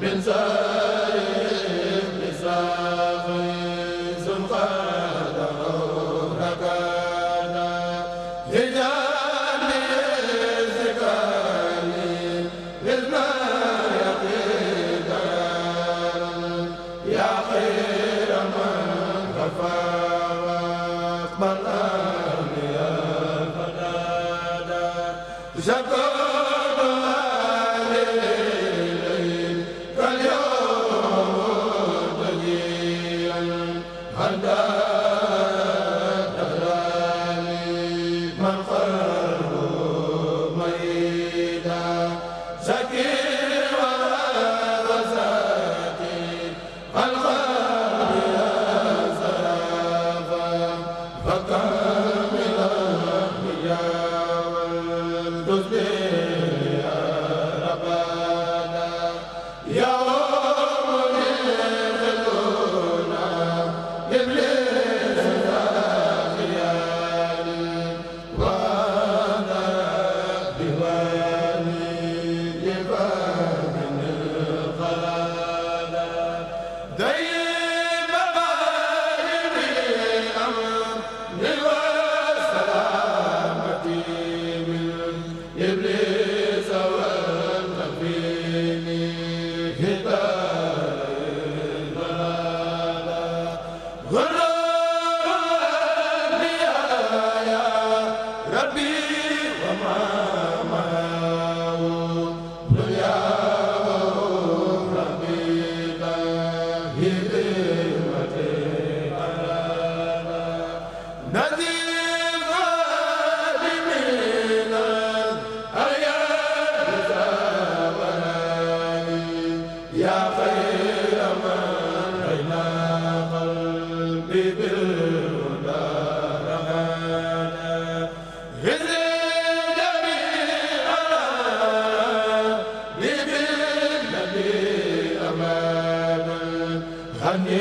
min day bi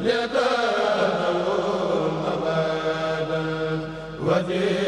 يداه أبدا